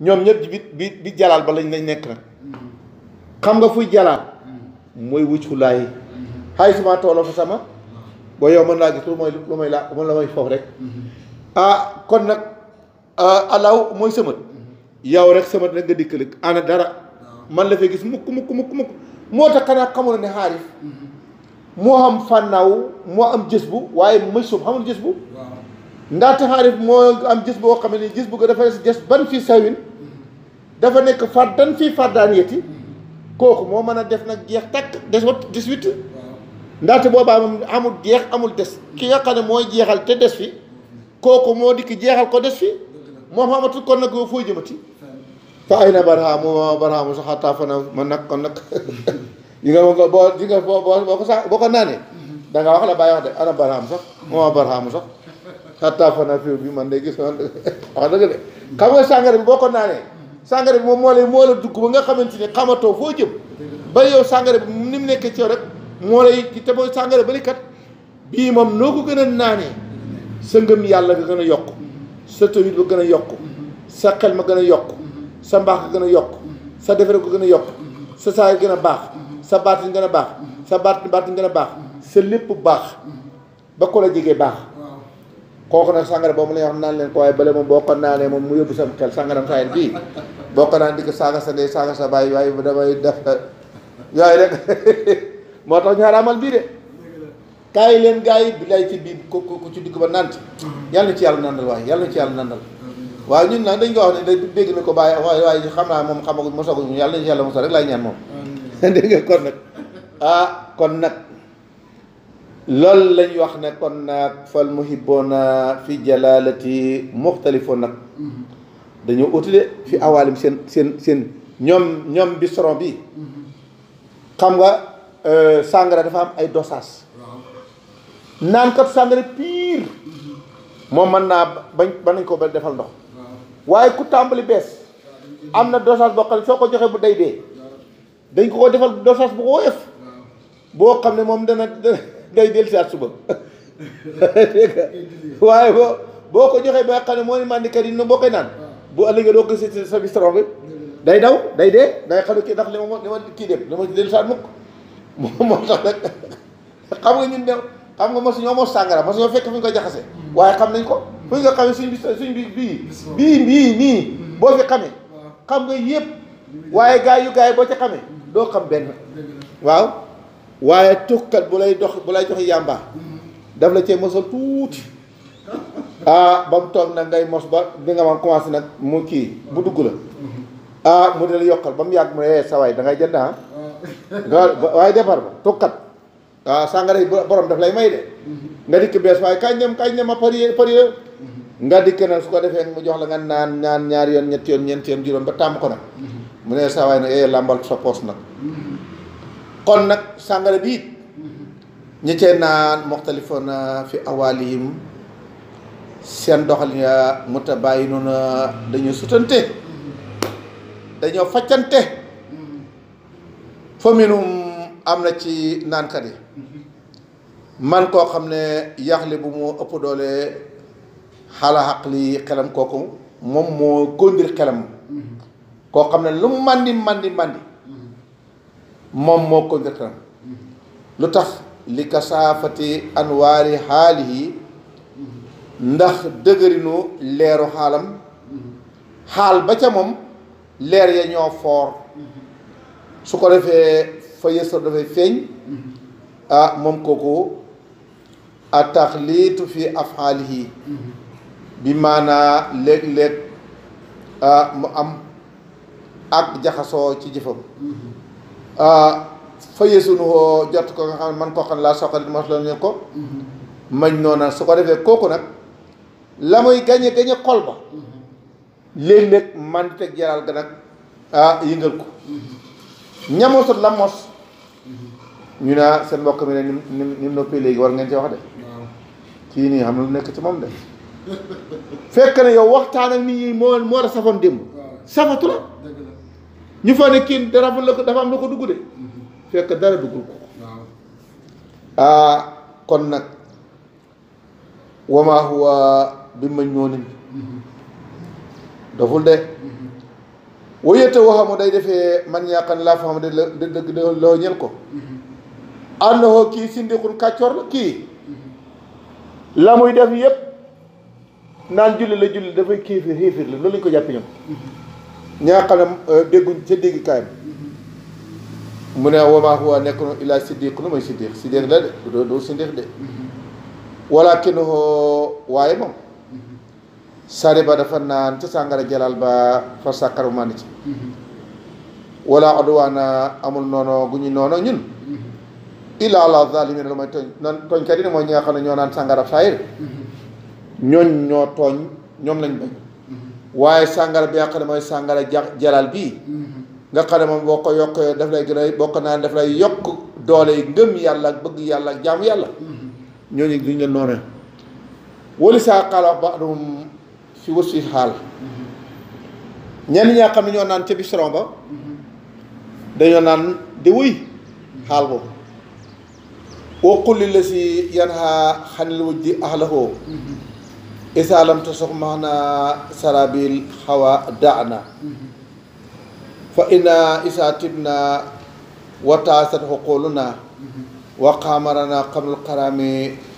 ñoom ñëpp bi bi bi jalaal ba lañ lañ nekk nag xam nga fuy jalaal mooy wuccu laay xay suma toolo fa sama boo yow mën laa gis lu mooy lu mooy laa mën la mooy foofu rek ah, kon nag ah, alaw mooy sëmat yow rek sëmat rek nga dikkalik dara man la fee gis mukk mukk mukk mukk moo tax xanaa xamoon ne xaarif moo am fànnaaw moo am jës bu waaye mësum xamul jës bu ndaxte xaarif moo am gis boo xam ne gis bu ko dafa des ban fii sawin dafa nekk fàddan fii fàddaan yeti kooku moo mën a def nag jeex takk des wat dix-huit ndaxte boobaa moom amul jeex amul des ki nga xam ne mooy jeexal te des fi kooku moo dikk jeexal ko des fi moom xamatul kon nag foo fa ay na barhaamu barhaamu sax xataa fa na man nag nga nga boo di nga boo boo ko sax boo naanee da wax la bàyyi wax de ana barhaamu sax mooma barhaamu sax xataa fa na bi man de gis wax dëgg de xam nga sàngara bi boo ko naanee sàngara bi moom moo lay moo la dugg ba nga xamante ni xamatoo foo jëm ba yow sàngara bi ni mu nekkee ci yow rek moo lay te mooy sàngara bari kat bii moom loo ko gën a naanee sa ngëm yàlla nga gën a yokk sa tawit ba gën a yokk sa xel ma gën a yokk sa mbaax ga gën a yokk sa defere ko gën a yokk sa saay gën a baax sa baatin gën a baax sa baatin baatin gën a baax sa lépp baax ba ko la jege baax kooku nag sàngara boobu lay wax nan len ko way bale mo boo nané naanee mu yóbbu sam xel sangaram saayit bi boo nan dik di sa né saaga sa way da damay def yooyu rek moo tax ñu xaraamal bii de kaay leen gars yi ci bi ko ko ci digg ba nant yalla ci yalla nandal way yalla ci yalla nandal way ñun nag dañ ko wax ne dañ dégg na ko bàyyi xamna mom xamagu mo sogu ñu yalla ñu yalla mo mosal rek lay ñaan mom dégg kon ah kon nak lool lañuy wax ne kon naag fal muhibboona fi jalalati muxtalifoon nag mm-hmm. dañoo utile fi awaalim seen seen seen ñoom ñoom bi soron mm-hmm. bi xam nga euh, sàngara dafa am ay dosage naankat sàngara pire mm-hmm. moom mën naa bañ ba nañ ko ba defal ndox waaye ku tàmbali bees am na dosage boo xam ne soo ko joxee bu day dee dañ ko ko defal dosage bu ko woyof boo xam ne moom dana day dellusiwaat suba waaye boo boo ko joxee ba xam ne moo ni màndikat yi noonu boo koy naan bu ëllëgee doo ko si sa bistrong bi day daw day dee day xam ne kii ndax li ma li ma kii dem li ma dellusiwaat mukk moo tax nag xam nga ñun dem xam nga mosu ñoo mos sàngara mosu ñoo fekk fu ñu ko jaxase waaye xam nañ ko fu ñu ko xamee suñ bi suñ bi bii bii bii nii boo fi xamee xam nga yëpp waaye gaay yu gaay boo ci xamee doo xam benn waaw waaye tukkat bu lay dox bu lay jox yàmba daf la cee mosal tuuti ah ba mu toog nag ngay mos ba bi nga mam commencé nag mu kii bu dugg la ah mu la yokkal ba mu yàgg mu ne eh, sawaay da ngay jënd ah nga waaye defar ba tukkat waaw ah, sàngara borom daf lay may de nga dikk bees waaye kañ ñam kañ ñam a pari pari nga dikk nag su ko defee mu jox la nga naan ñaan ñaari yoon ñetti yoon ñeenti yoon juróom ba tàmm ko nag mu ne sawaay nag eh làmbal sa poos nag kon nag sàngara bi it ñi cee naan muxtalifoona fi awaalihim seen doxalin ya noonu dañoo sutante dañoo faccante fa minhum am na ci naankat yi man koo xam ne yaxli bu mu ëpp doole xala xaq li xelam kooku moom moo góndir xelam koo xam ne lu mu màndi màndi màndi moom moo ko jotam lu tax li kasaafati anwaari yi ndax dëgërinu leeru xaalam xaal ba ca moom leer ya ñoo foor su ko defee fa yësar dafay feeñ ah moom kooku a taxliitu fi afxaalihi bi maanaa léeg ah mu am ak jaxasoo ci jëfam Ah, fa yësunu woo jot ko nga xam ne man koo xam laa soxali mos la ñu ko mm-hmm. mañ noona su ko defee kooku nag la muy gañe gañe xol ba mm-hmm. léeg-léeg man teg jaral ga nag ah yëngal ko mm-hmm. ñamosut seen mbokk mi ne ni ni ni noppee léegi war ngeen ci wax de kii nii xam na lu nekk ci moom de fekk na yow waxtaan ak nit ñi moo moo la safoon démb safatu la ñu fa ne kin dara la ko dafa am ko dugg de fekk dara duggul ko ah kon nag wama huwa bi ma ñoonin doful de wa yata wa hamu day defé man yaqan la fahamu de deug de lo ñel ko annahu ki sindiqul kacior ki lamuy def yep nan julli la julli da fay kefir hefir la lolu ko japp ñom ñaa xanam euh, dégguñ ca dégg kaayam mm-hmm. mu ne wamaa huwa nekk na illaa siddiq lu mooy siddiq siddiq la de doo doo siddiq de mm-hmm. walakin waaye moom mm-hmm. sari ba dafa naan ca sàngara jalal ba fa sàkkar bu màndi ci wala aduwaana amul noono gu ñu noono ñun illa ala zalimin lu mooy tooñ nan tooñkat yi ne mooy ñi nga ñoo naan sàngara sayir ñooñ ñoo tooñ ñoom lañ bañ waaye sàngara bi nga xam ne mooy sàngara jalal bii mm-hmm. nga xam ne moom boo ko yokkee daf lay gën a bokk naan daf lay yokk doole yi ngëm yàlla ak bëgg yàlla ak jaamu yàlla mm-hmm. ñooñu duñ leen noonu wali mm-hmm. xam ne ñoo naan ca bistrong ba dañoo naan di wuy xaal boobu wa qul lillasi yanha xanil wujdi ahlahoo إذا لم تسق معنا سرابيل حوا دعنا فإن إذا تبنا وتعثت حقولنا وقامرنا قبل القرام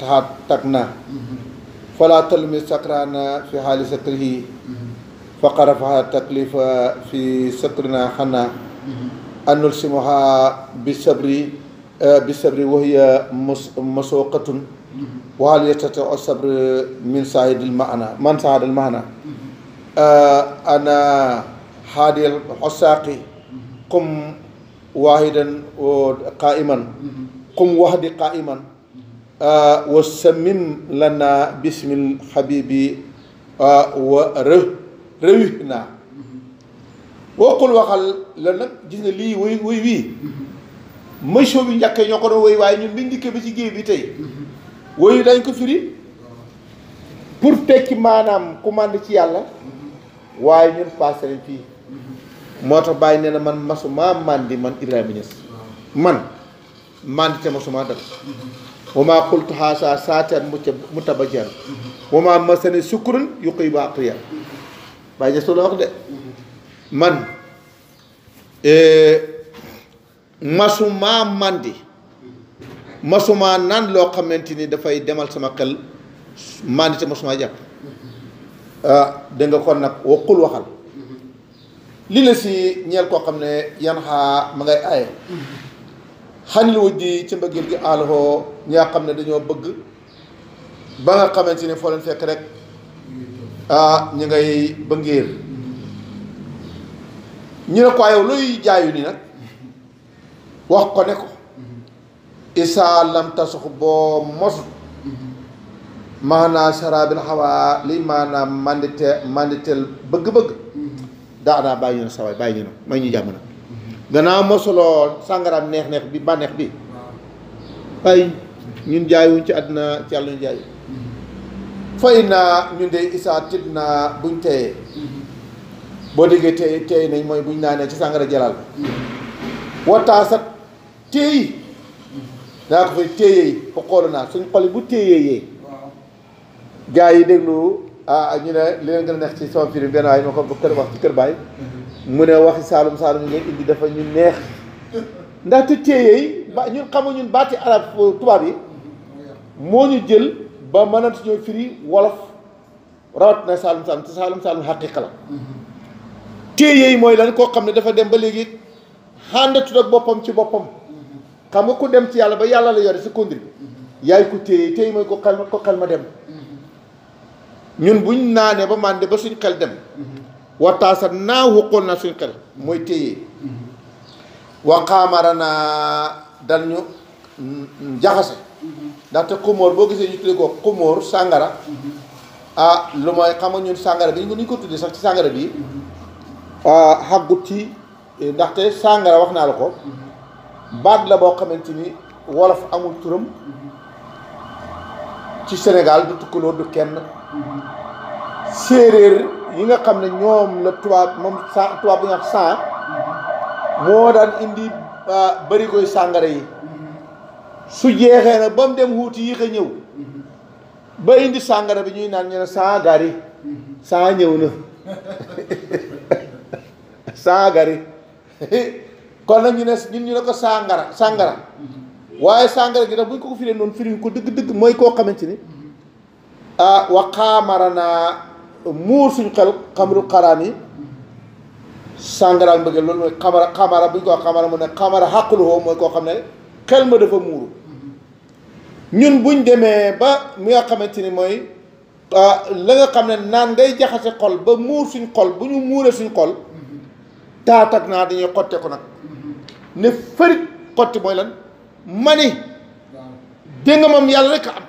تحتقنا فلا تلمي سكرانا في حال سكره فقرفها رفع التكليف في سكرنا حنا أن نلسمها بالصبر آه، بالصبر وهي مسوقة وهل يستطيع الصبر من سعيد المعنى من سعيد المعنى آه، أنا هادي الحساقي قم واحدا قائما قم واحد قائما آه، وسمم لنا باسم الحبيب آه وروحنا وقل وقال لنا جزء لي وي وي وي مشو بي نياك ñoko وي وي way ñun biñ dikke ba ci geew bi tay woyu dañ ko firi pour tekki maanaam ku mànd ci yàlla waaye ñun paase nañ fii moo tax bàyyi nee na man masuma màndi man Ibrahima man màndi te masuma dal wama xultu xaasaa saatan mu tabajan wama masani sukkurun yu koy ba aqriyan bàyyi Niass la wax de man eh, masuma màndi masumaa naan loo xamante ni dafay demal sama xel maandite masumaa jàpp ah da nga kon nag waxul waxal li la si ñeel koo xam ne yan xaa ma ngay aaye xanil wuj di ci mbëggeel gi àlloo ñaa xam ne dañoo bëgg ba nga xamante ni foo fekk rek ah ñu ngay bëngéer ñu ne ko yow luy jaayu ni nag wax ko ne ko isaa lam tasux boo mos maanaa saraabil xawaa liy maanaam mandite manditeel bëgg-bëgg daa bàyyi ñu ne sawaay bàyyi ñu ne may ñu jàmm na gannaaw mosuloo sàngaraam neex-neex bi bànneex bi bàyyi ñun jaayuñ ci àddina ci yàlla ñu jaay fay naa ñun de isaa tiit naa buñ teyee boo déggee tey tey nañ mooy buñ naanee ci sàngara jalaal wattaa sa danaa ko fay téye yi fa xool naa suñ xol bu téye yee. gars yi déglu ah ñu ne li leen gën a neex ci sama film benn waaye ma ko kër wax ci kër baay mhm. mu ne waxi saalum saalum yi indi dafa ñu neex ndaxte téye yi ba ñun xamu ñun baati arab euh, tubaab yi moo ñu jël ba mënatu ñoo firi wolof rawat na saalum saalum te saalum saalum xaqiqa la mhm. téye yi mooy lan koo xam ne dafa dem ba léegi xàndatu ak boppam ci boppam. xam nga ku dem ci yàlla ba yàlla la yore sa conduite bi yaay ko téye téye mooy ko xel ko xel ma dem ñun buñ naanee ba mànde ba suñ xel dem wataasa naa wuqoon na suñ xel mooy téye waxaamara naa dal ñu jaxase ndaxte xumóor boo gisee ñu tuddee ko xumóor sàngara ah lu mooy xam nga ñun sàngara bi ñu ko tuddee sax ci sàngara bi ah xaggut ci eh, ndaxte sàngara wax naa la ko baat la boo xamante ni wolof amul turam ci Sénégal du tukkaloo du kenn séeréer yi nga xam ne ñoom la tubaab moom sa tubaab bi nga xam moo daan indi ah, bari koy sàngara yi su jeexee nag ba mu dem wuuti yi ko ñëw ba indi sàngara bi ñuy naan ñu ne saa gari ñëw na saa gari kon nag ñu ne ñun ñu ne ko sàngara sàngara mm-hmm. waaye sàngara gi nag bu ñu ko firee noonu firi ko dëgg-dëgg mooy koo xamante ni mm-hmm. ah waxaamara naa muur suñ xel xamru xaraan yi mm-hmm. sàngara ak mbëggeel loolu mooy xamara xamara bu ñu ko wax xamara mu ne xamara xàquluhoo mooy koo xam ne xel ma dafa muuru ñun buñ demee ba mi nga xamante ni mooy ah, la nga xam ne naan ngay jaxase xol ba muur suñ xol bu ñu muuree suñ xol taat ak naa dañuy xotte ko nag ne fërit xotti mooy lan mani dégg nga moom yàlla rek am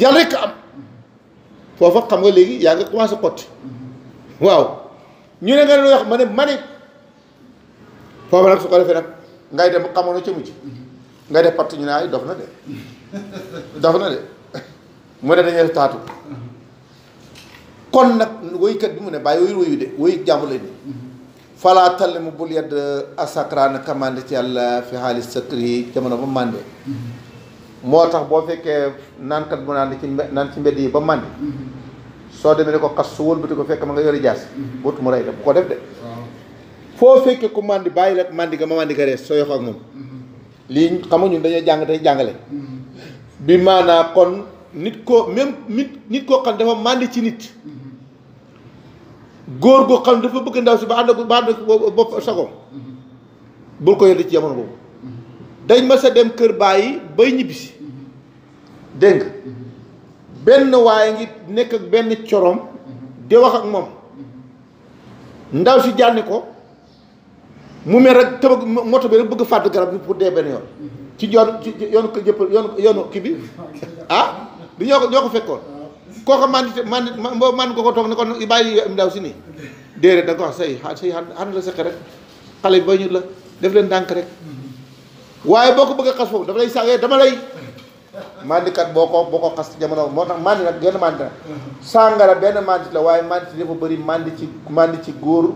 yàlla rek am foofa xam nga léegi yaa ngi commencé xotti waaw ñu ne nga doon wax ma ne mani foofa nag su ko defee nag ngay dem xamoon na ci mujj ngay def parti ñu ne ay dof na de dof na de mu ne dañuy taatu kon nag woykat bi mu ne bàyyi woyu woyu de woyu jàmm la ni falaa tall mu bul yedd asakraan kamande ci yàlla fi xaalis sëkkri jamono ba màndee moo tax boo fekkee naankat bu naan ci naan ci mbedd yi ba màndi soo demee ne ko xas su wëlbati ko fekk ma nga yori jaas bootu mu rey la bu ko def de foo fekkee ku màndi bàyyi la màndi ga ma màndi ga rees soo yoxoo ak moom lii xam nga ñun dañoo jàng tey jàngale bi maanaa kon nit ko même nit nit koo xam dafa màndi ci nit góor goo xam ne dafa bëgg ndaw si ba ànd ak ba ànd ak bopp sagoom bul ko yedd ci jamono boobu dañ ma sa dem kër bàyyi bay ñibbisi dégg nga benn waaye ngi nekk ak benn corom di wax ak moom ndaw si jànni ko mu mel rek tëb moto bi rek bëgg fàdd garab bi pour dee benn yoon ci yoon ci yoonu ko yoonu yoonu ah du ñoo ko ñoo ko fekkoon kooka mandite mandi boo mand ko ko toog ne ko bàyyi am daaw si nii déedéet da nga ko wax say say xana la seqe rek xale bi ba ñu la def leen dànk rek waaye boo ko bëggee a xas foofu dafa lay sàngee dama lay mandikat boo ko boo ko xas jamono moo tax mandi nag genn mandi nag sàngara benn mandi la waaye mandi dafa bëri mandi ci mandi ci góor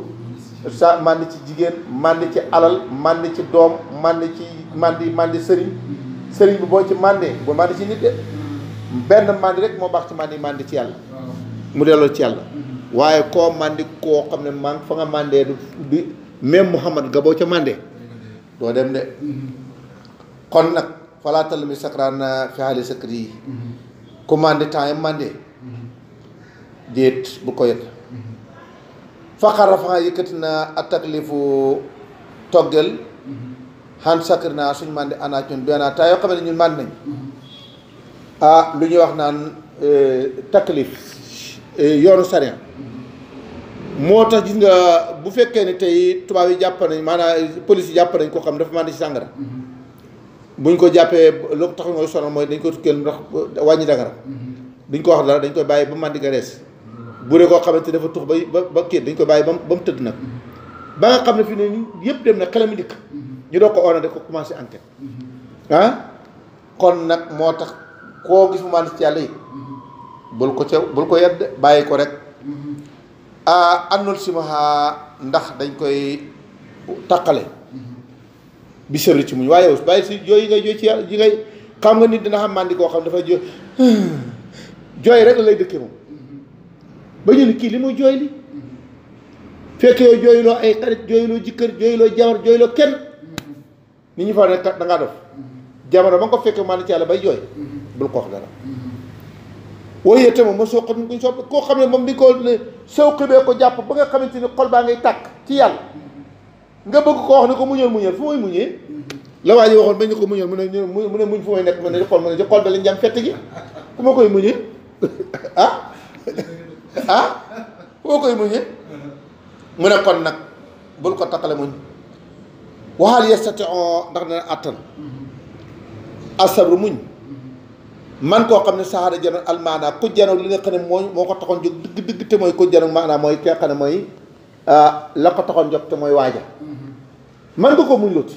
sa mandi ci jigéen mandi ci alal mandi ci doom mandi ci mandi mandi sëriñ sëriñ bi boo ci mandee boo mandi ci nit de ben mandi rek mo bax ci mandi mandi ci yalla mu delo ci mandi ko xamne ne man fa nga mandee du même muhammad gabo ci ca do dem de mm-hmm. kon nag falaatal mi sakran fi xaali sakri ko mm-hmm. ku mandi temps yi mm-hmm. det bu ko fa khara fa yekatna na ataklifu togel han sakrna suñ mandi ana ci ben anaat yo xamne ah lu ñuy wax naan euh, taklif euh, yoonu sariya moo tax gis nga bu fekkee ne tey tubaab yi jàpp nañ maanaam police yi jàpp nañ ko xam dafa mën di si sàngara buñ ko jàppee loo tax mooy sonal mooy dañ ko tukkeel ndax wàññi dagara duñ ko wax dara dañ koy bàyyi ba màndi nga rees bu dee ne xamante dafa tux ba ba kii dañ ko bàyyi ba ba mu tëdd nag ba nga xam ne fi ne yëpp dem na xelam mi ñu doog ko oona de ko commencé enquête ah? kon nag moo tax koo gis mu màndi ci yàlla yi bul ko ca bul ko yedd bàyyi ko rek annul simaha ndax dañ koy taqale bi sëbri ci muñ waaye yow bàyyi si jooy yi ngay jooy ci yàlla yi ngay xam nga nit dina xam màndi koo xam dafay jooy jooy rek kii li muy jooy li fekk yow jooyloo ay xarit jooyloo jëkkër jooyloo jabar jooyloo kenn nit ñi fa nekk da ngaa def jamono ba nga ko fekkee màndi ci yàlla bay jooy bul ko wax dara waaye itam ma sooqat mu koo xam ne moom bi ko ne sooqi bee ko jàpp ba nga xamante ni xol baa ngay tàkk ci yàlla nga bëgg ko wax ne ko muñal muñal fu muy muñee mu ne mu ne muñ fu may nekk mu ne ci xol mu ne ci xol ba lañ jàm fett gi ku ma koy muñee ah ah ma koy muñee mu ne kon nag bul ko takkale muñ waxaal yestati ndax dana àttan mm-hmm. asabru muñ man koo xam ne saxaada janoon almaana ku janoon li nga xam ne mooy moo ko taxoon jóg dëgg dëgg te mooy ku janoon maanaam mooy ki nga xam ne mooy ah, la ko taxoon jóg te mooy waaja man nga ko muñ loti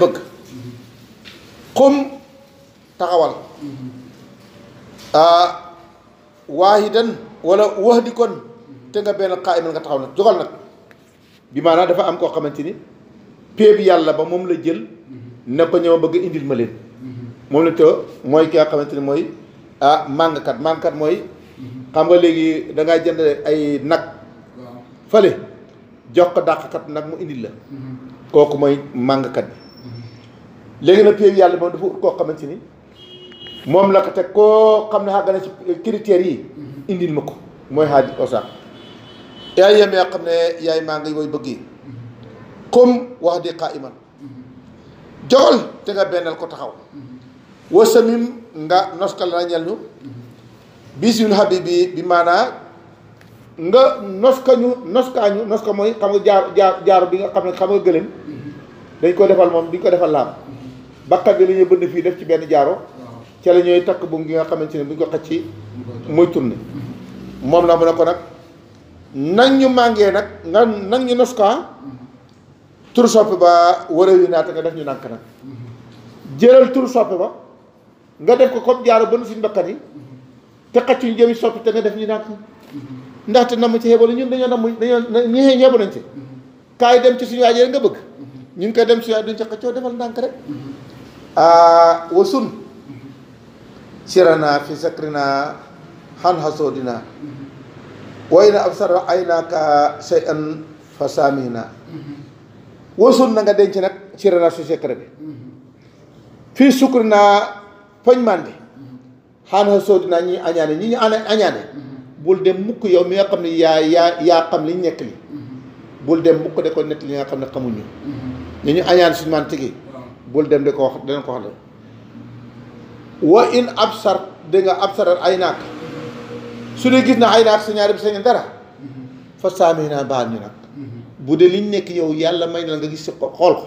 bëgg xum taxawal ah, waahidan wala wax di kon te nga benn xaay man nga taxaw nag jogal nag bi maanaam dafa am koo xamante ni pee bi yàlla ba moom la jël nekk ko ñëw bëgg indil ma leen moom la te mooy ki nga xamante ni mooy ah màngkat màngkat mooy xam nga léegi da ngay ay nag fële jox nag mu indil la kooku mooy màngkat bi léegi nag yàlla moom koo xamante ni moom la ko teg koo xam ne xàgg na ci critères yi mm-hmm. indil ma ko mooy xaaj osaak yaay yem yaa xam ne yaay maa ngi way bëgg yi qum wax di qaa'iman joxal te nga bennal ko taxaw wasamim nga noskal la ñel ñu bisil habibi bi maanaa nga ka ñu noskaa ñu mooy xam nga jaar jaar jaaru bi nga xam ne xam nga gëléem dañ ko defal moom duñ ko defal laam bakkat bi la ñuy bënn fii def ci benn jaaro ca la takk buum gi nga xamante ne bu ñu ko ci muy tourné moom la mu ne ko nag nang ñu màngee nag nga nang ñu nos ko ah. tur soppe ba wara yu naata nga def ñu nànk nag jëlal tur soppe ba nga def ko comme jaaro ba nu suñ bakkat yi te xacc ñu jëmi soppi te nga def ñu nànk ndaxte namm ci xeebal ñun dañoo namm dañoo ñu xeebu nañ ci kaay dem ci suñu waajee nga bëgg ñu ngi koy dem suñu waaj duñ ci xëccoo defal ndànk rek wa sun sirana fi sakrina xan xasoo dinaa way na ab sara ay naaka say an fa saamina wasul na nga denc nag ci relation secret bi fii sukkur naa fañ màndi xaana soo dinaa ñi añaane ñi ñu añaane bul dem mukk yow mi nga xam ne yaa yaa yaa xam liñ nekk li bul dem mukk de ko nekk li nga xam ne xamuñu ñu ñu añaan suñu man tigi bul dem de ko wax dana ko wax la wa in absar di nga absaral ay naaka su dee gis na ay naat sa ñaari bi sañu dara fa saami naa baal ñu nag bu dee liñ nekk yow yàlla may na la nga gis si xool ko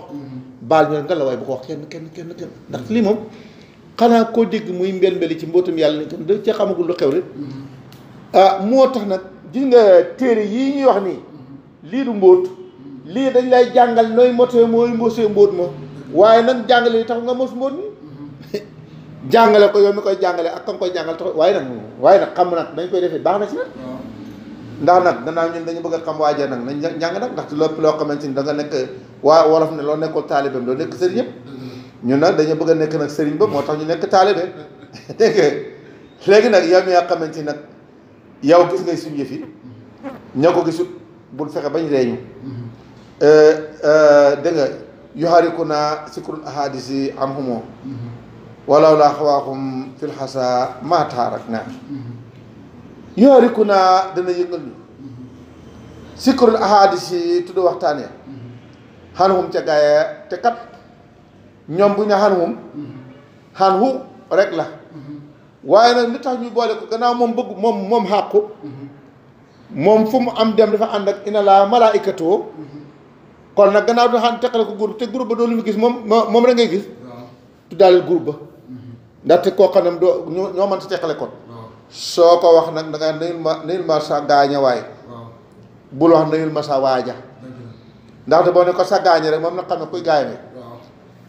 baal ñu nag nga la waaye bu ko wax kenn kenn kenn kenn ndax lii moom xanaa koo dégg muy mbel mbeli ci mbootum yàlla ni tam da ca xamagul lu xew rek ah moo tax nag gis nga téere yi ñuy wax nii lii du mbóot lii dañ lay jàngal nooy motee mooy mosee mbóot ma waaye nag jàngale yi tax nga mos mbóot mi jàngale ko yow mi koy jàngale ak kam koy jàngal tax waaye nag waaye nag xam nag dañ koy defee baax na ci nag ndax nag gannaaw ñun dañu bëgg a xam waaje nag nañ jàng nag ndax lépp loo xamante ni da nga nekk waa wolof ne loo nekkul taalibeem loo nekk sëriñ yëpp ñun nag dañu bëgg nekk nag sëriñ ba moo tax ñu nekk taalibe dégg léegi nag yow mi nga xamante ni nag yow gis ngay suñu yëf yi ña ko gis bul fexe bañ reeñu mm-hmm. euh, euh, dégg nga yoxariku naa sikurul ahadis yi am mm-hmm. xumoo walaw laa xawaaxum fil xasaa maataar ak naa yooriku naa dana yi tudd waxtaan ya xanhum ca gaaya te kat ñoom bu ñu xanhum xanhu rek la waaye nag li tax ñu boole ko gannaaw moom bëgg moom moom xàqu moom fu mu am dem dafa ànd ak ina laa malaayikatoo kon nag gannaaw dina xam teqale ko groupe te groupe ba doon lu mu gis moom moom rek ngay gis. tuddaale groupe ba. ndaxte koo xam ne doo ñoo mën teqale kon soo ko wax nag da nga nayul ma nayul ma sa gaaña waay bul wax nayul ma sa waaja ndaxte boo ne ko sa gaaña rek moom na xam ne kuy gaañe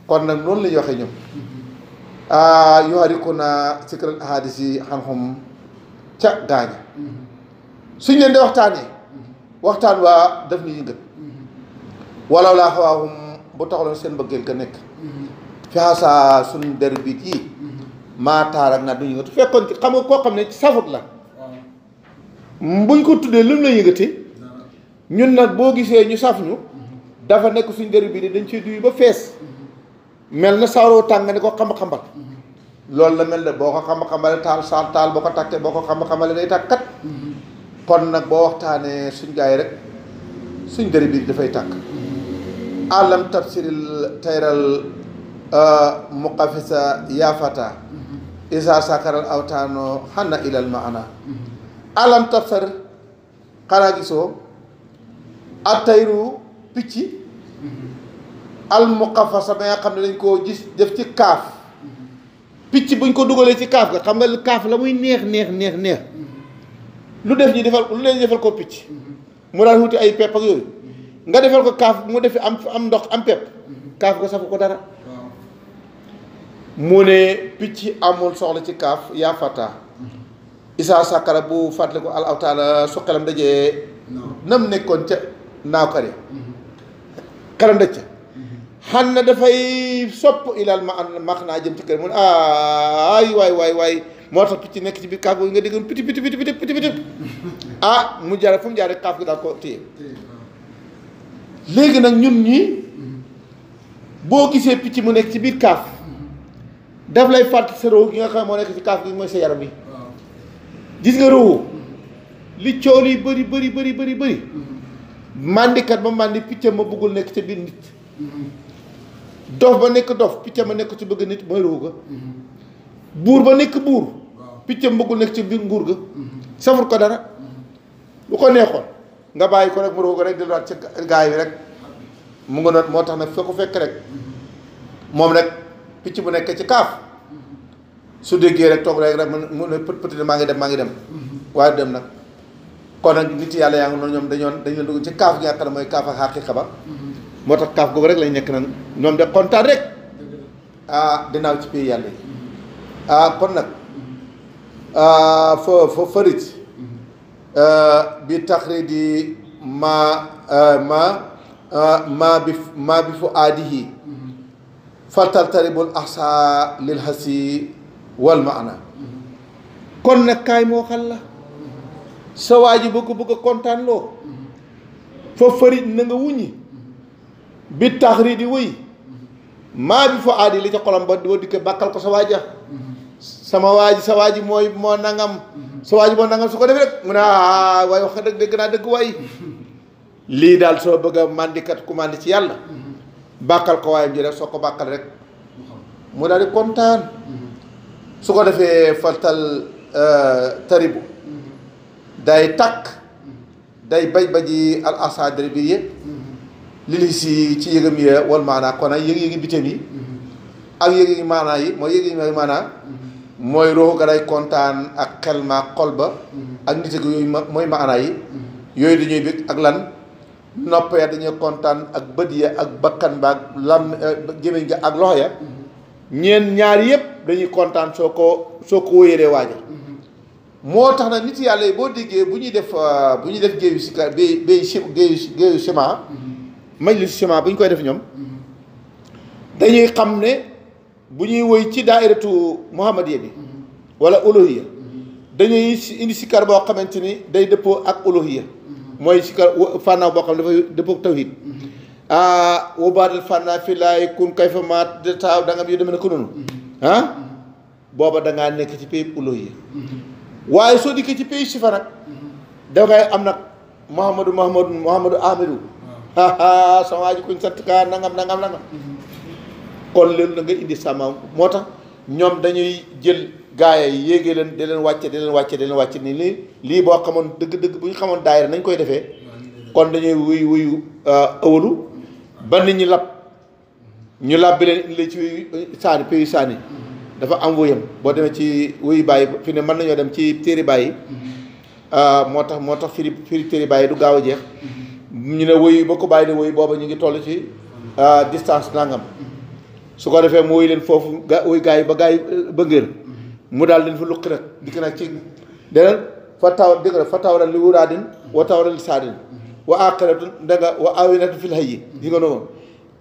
kon nag noonu la ñu waxee ñun ah, yohariku naa sikral ahadis yi xam-xam ca gaaña mm-hmm. suñ leen di waxtaanee mm-hmm. waxtaan waa daf ñu yëngal mm-hmm. wala laa xawaahum bu taxaloon seen bëggeel nekk fiasa suñ der yi maataar ak naat du yëngatu fekkoon ci xam nga koo xam ne safut la buñ ko tuddee lu mu la yëngati ñun nag boo gisee ñu saf ñu dafa nekk suñ deri bi ni dañ cee duy ba fees mel na saaroo tàng ne ko xam-xamal loolu la mel ne boo ko xam-xamale taal saal taal boo ko takkee boo ko xam-xamale day tàkkat kon nag boo waxtaanee suñ gaay rek suñ deri bi dafay tàkk alam tabsiril tayral muqafisa yaafata isa sakaral awtaano xanna ilal maana alam tafsar xanaa gisoo atayru picc al muqafasa ba nga xam ne dañ ko gis def ci kaaf picc buñ ko dugalee ci kaaf ga xam nga kaaf la muy neex neex neex neex lu def ñi defal lu leen defal ko picc mu daan wuti ay pepp ak yooyu nga defal ko kaaf mu defi am am ndox am pepp kaaf ko safu ko dara mu ne picc amul soxla ci kaaf yaa fata isaa sàkkara bu fàttali ko al awtaala su xelam dajee nam nekkoon ca naawkari mm-hmm. xelam daj ca mm-hmm. xam na dafay sopp ilaal ma an max naa jëm ci kër mu ne aay waay waay waay moo tax picc nekk ci biir kaaf googu nga déggoon piti piti piti piti piti ah, mu jaare fu mu jaare kaaf gi daal ko téye léegi nag ñun ñi mm-hmm. boo gisee picc mu nekk ci biir kaaf daf lay fàtt sa rowu gi nga xam moo nekk ci kaaf gi mooy sa yaram bi gis nga rowu li coono yi bëri bëri bëri bëri màndikat ba màndi picc ma bëggul nekk ca biir nit dof ba nekk dof picc ma nekk ci bëgg nit mooy rowu buur ba nekk buur piccam bëggul nekk ci biir nguur ga safur ko dara bu ko neexoon nga bàyyi ko rek mu rowu ko rek delluwaat ci gaay bi rek mu nga noon moo tax nag soo ko fekk rek moom rek picc bu nekk ci kaaf su déggee rek toog rek rek mu ne peut-être maa ngi dem maa ngi dem waaye dem nag kon nag nit yàlla yaa ngi noonu ñoom dañoon dañ dugg ci kaaf gi nga xam ne mooy kaaf ak xaqiqa ba moo tax kaaf googu rek lañ nekk nag ñoom de kontaan rek ah dinaaw ci pays yàlla yi ah, kon nag ah, fa fa farit ah, bi taxri di ma ma ma bi ma bi fu aadihi taribul ahsa lil hasi wal maana kon nak kay mo xal la sa bu ko bu ko kontan lo fa farit na nga wuñi bi tahridi di ma bi fo adi li ci xolam ba do dik bakal ko sa waaja sama waji sa waji moy mo nangam sa waji mo nangam su ko def rek muna ah, way wax deug dëgg naa dëgg waay lii daal soo mandikat ku mandi ci yàlla bàkkal ko waayam ji rek soo ko bàkkal rek mu daal di kontaan su ko defee faltal euh, taribu day takk day baj baji al asadri bi yëpp li li si ci yëgam yi wal maanaa kon ay yëg-yëgi bitam yi ak yëg-yëgi maanaa yi mooy yëg-yëgi maanaa mooy rooxu ga day kontaan ak xel ma xol ba ak nit ak yooyu mooy maanaa yi yooyu dañuy bëgg ak lan nopp ya dañuy kontaan ak bët ya ak bakkan ba ak lam eh, gémmiñ ga ak loxo ya ñeen ñaar yëpp dañuy kontaan soo ko soo ko wóyëree waaja moo tax nag nit yàlla yi boo déggee bu ñuy def euh, bu ñuy def géeyu sikar bay bay géeyu ciment majlis ciment bu ñu koy def ñoom dañuy xam ne bu ñuy woy ci daairatu muhammadiya bi wala olohiya dañuy indi sikar boo xamante ni day dëppoo ak olohiya mooy sikar fànnaaw boo xam dafa dëppoo tawhid mhm. ah wobaatal fànnaa fii laay kun kay fa maat taaw da mhm. Ah? Mhm. booba da ngaa nekk ci pays uluhiyya waaye soo dikkee ci pays sifa nag da am nag Mouhamadou Mouhamadou Mouhamadou Amidou sama waa ji kuñ sant kaa nangam nangam nangam kon loolu na nga indi sama moo tax ñoom dañuy jël. gaay yi yéegee leen di leen wàcce di leen wàcce di wàcce nii lii boo xamoon dëgg-dëgg bu ñu xamoon daayira nañ koy defee kon dañuy wuy wuyu euh, ëwalu ba nit ñi lab ñu lab bi leen indi ci wuyu euh, saani pays saani dafa am wuyam boo demee ci wuy bàyyi fi ne mën nañoo dem ci téere bàyyi euh, moo tax moo tax firi firi téere bàyyi du gaaw a jeex ñu ne wuyu ba ko bàyyi ne wuyu booba ñu ngi toll ci distance nangam su ko defee mu wuyu leen foofu ga wuyu gars yi ba gars yi mu daal dañ fa luqi nag dikk nag ci deneen fa taw dëgg la fa tawra li wuraadin wa tawra li saadin wa aqiratu da wa awinatu fil hayyi yi nga noonu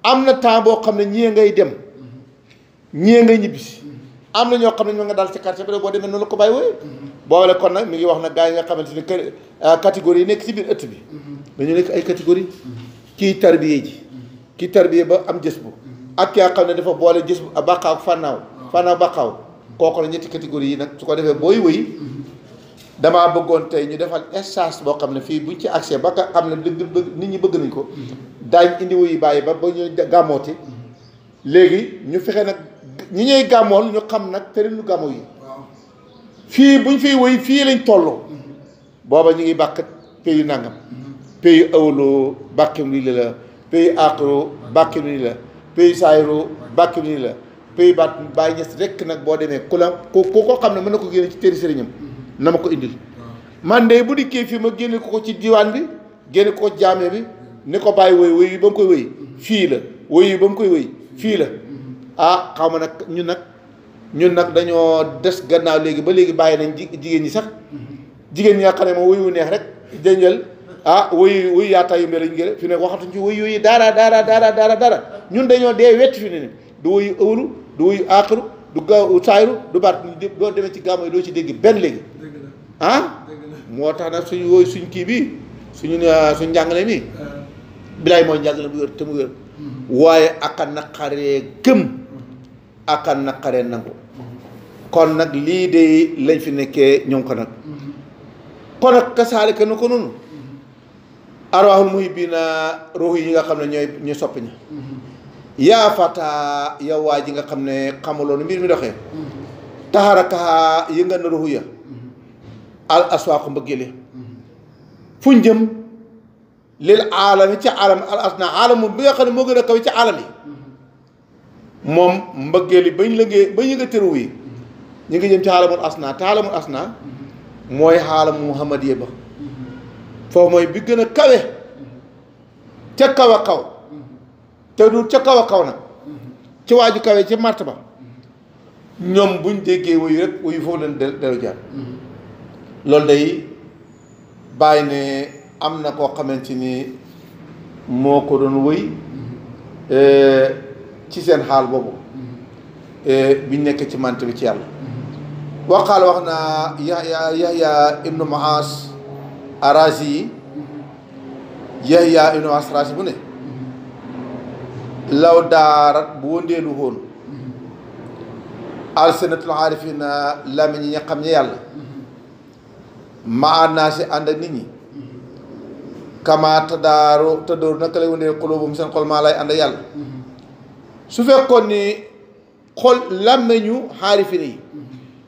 am na temps boo xam ne ñii ngay dem ñii ngay ñibbisi am na ñoo xam ne ñoo nga daal ci quartier bi rek boo demee noonu la ko bàyyi wooye boobale kon nag mi ngi wax na gars yi nga xamante ni euh, catégorie yi nekk si biir ëtt bi dañu nekk ay catégorie kii tarbiye ji kii tarbiye ba am jës bu ak yaa xam ne dafa boole jës bu bàqaaw fànnaaw fànnaaw bàqaaw kooku la ñetti catégorie yi nag su ko defee booy wëy damaa bëggoon tey ñu defal espace boo xam ne fii buñ ci accès ba nga xam ne dëgg nit ñi bëgg nañ ko daañ indi wuyu bàyyi ba ba ñu gàmmooti léegi ñu fexe nag ñi ñuy gàmmoon ñu xam nag tërin lu gàmmo yi fii buñ fiy wëy fii lañ toll booba ñu ngi bàq pays nangam pays awlo bàqim lii la pays aqro bàqim lii la pays saayro bàqim lii la pays baat Baye Niass rek nag boo demee ku la ku ko xam ne mën na ko génne ci téere sëriñam mm-hmm. na ma ko indil man de bu dikkee fii ma génne ko ko ci diwaan bi génne ko ko jaame bi ni ko bàyyi woy woy yi ba mu koy woy fii la woy yi ba mu koy woy fii la mm-hmm. ah xaw ma nag ñun nag ñun nag dañoo des gannaaw léegi ba léegi bàyyi nañ jigéen ñi sax mm-hmm. jigéen ñi nga xam ne moom neex rek jënjël ah woy woy yaata yu mel ngir fi ne waxatuñ ci woy yooyu daara daara daara daara daara ñun dañoo dee wett fi ne ni du wuyu aaxiru du gaaw saayiru du baat doo demee ci gàmmu yi doo ci dégg benn léegi ah moo tax nag suñu wooyu suñ kii bi suñu ah, suñ njàngale mi ah. bilaay mooy njàngale mu wér te mu wér mm-hmm. waaye aka naqaree gëm mm-hmm. aka naqaree nangu kon nag lii de lañ fi nekkee ñoom ko nag mm-hmm. kon nag kasaalika nu ko noonu arwaahul muhibbina ruux yi nga xam ne ñooy ñu soppi ña yaa fata yow waa ji nga xam ne xamuloon mbir mi doxee taxarakaha yëngal na ruxu ya al aswaaqu mbëggele fuñ jëm lil aalami ci aalam al asna aalamu bi nga xam ne moo gën a kaw ci aalam yi moom mbëggeel yi bañ lëngee bañ yënga tëruw yi ñu ngi jëm ci aalamul asna te aalamul asna mooy xaalamu muhammad yé foofu mooy bi gën a kawe ca kaw a kaw te du ca kaw a kaw nag mm-hmm. ci waaju kawee ci màrt ba mm-hmm. ñoom buñ déggee wuyu rek wuyu foofu leen delu jaar mm-hmm. loolu day bàyyi ne am na koo xamante ni moo ko doon wëy eh, ci seen xaal boobu eh, biñ nekk ci mànt bi ci yàlla waqaal wax naa yahya yahya ibnu maas yi yahya ibnu maas bu ne law daarat bu wëndeelu woon alsinatul aarifina lamiñ ñi nga xam ne yàlla maa naa si ànd ak nit ñi kamaa tadaaru tadooru naka lay wëndeel xulóobum seen xol maa lay ànd ak yàlla su fekkoon ni xol làmmiñu xaarifina yi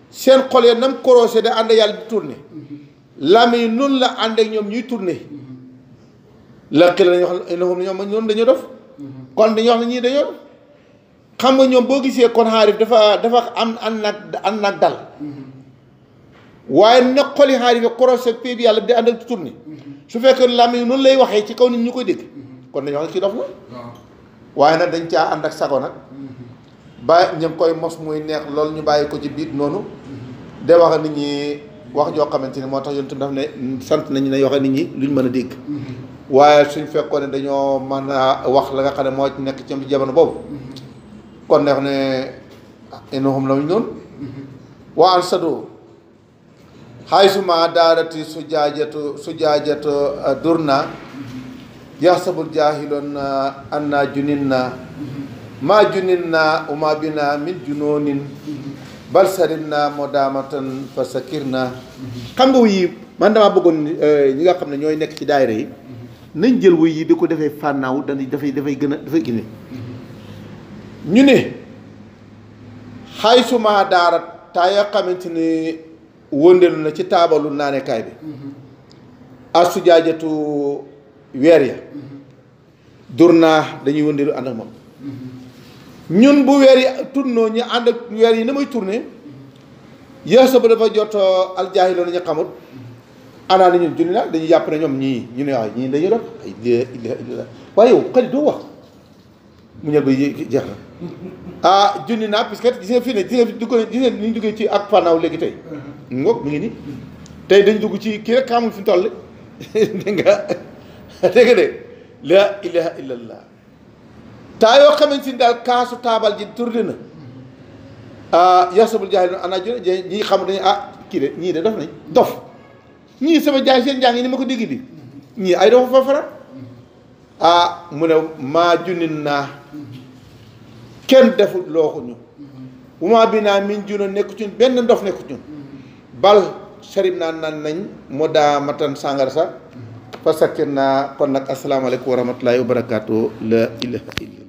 seen xol ya nam korosé da ànd ak yàlla di tourné làmmiñu noonu la ànd ak ñoom ñuy tourné la xila nañu wax ne ñoom noonu dañoo dof kon dañuy wax ne ñii dañoo xam nga ñoom boo gisee kon xaarif dafa dafa am an nag an nag dal mm-hmm. waaye nag xoli xaarif yi korose pay bi yàlla bi di ànd ak tourné mm-hmm. su fekkee làmmiñ noonu lay waxee ci kaw nit ñu koy dégg mm-hmm. kon dañuy wax ne kii dof la waaye nag dañ caa ànd ak sago nag ba ñu koy mos muy neex loolu ñu bàyyi ko ci biir noonu de wax nit ñi wax joo xamante ni moo tax yonent daf ne sant nañu ne wax nit ñi ñu mën a dégg waaye suñ fekkoon ne dañoo mën a wax la nga xam ne moo ci nekk ci am jamono boobu kon neex ne innahum la muñ su jaajatu su jaajatu durna yaxsabul jaahiloon anna junin na maa junin na uma bina min junoonin bal sarim na moo daamatan fa xam bëggoon eh, ñi nga xam ne ñooy nekk ci daayira yi nañ jël woy yi di ko defee fànnaaw dañuy dafay dafay gën a dafay gën ñu ne xay suma daara taa yoo xamante ni wëndeelu na ci taabalu naanekaay bi mm-hmm. asu jaajatu weer ya mm-hmm. dur dañuy wëndeelu ànd ak moom mm-hmm. ñun bu weer yi tournoo ñu ànd ak weer yi na may tourné yéex sa ba dafa jot aljaahil loolu ñu xamut anaana ñun julli naa dañuy yàpp ne ñoom ñii ñu ne waaw ñii dañuy doon ay lii la waaye yow xëy doo wax mu ñëw ba jeex na ah, junni naa parce que nga fii ne gis nga dugg duggee ci ak fannaaw léegi tey uh-huh. ngoog mi ngi nii tey dañ dugg ci kii rek fi mu toll dégg de la ilaha illallah taa yoo xamante ni daal kaasu taabal ji tourné na uh-huh. ah yasabul jaahil ana junni ñi xam dañu ah kii ñii de dof nañ dof ñii sama jaay seen jàng yi ni ma ko digg bi ñii ay dafa fa faral ah mu ne maa junin naa kenn defut loo wuma bi naa min juno nekku benn ndof nekku ci bal sarim naa naan nañ moo daa matan sàngar sax fa sakkir naa kon nag asalaamaaleykum wa rahmatullahi wa la ilaha illa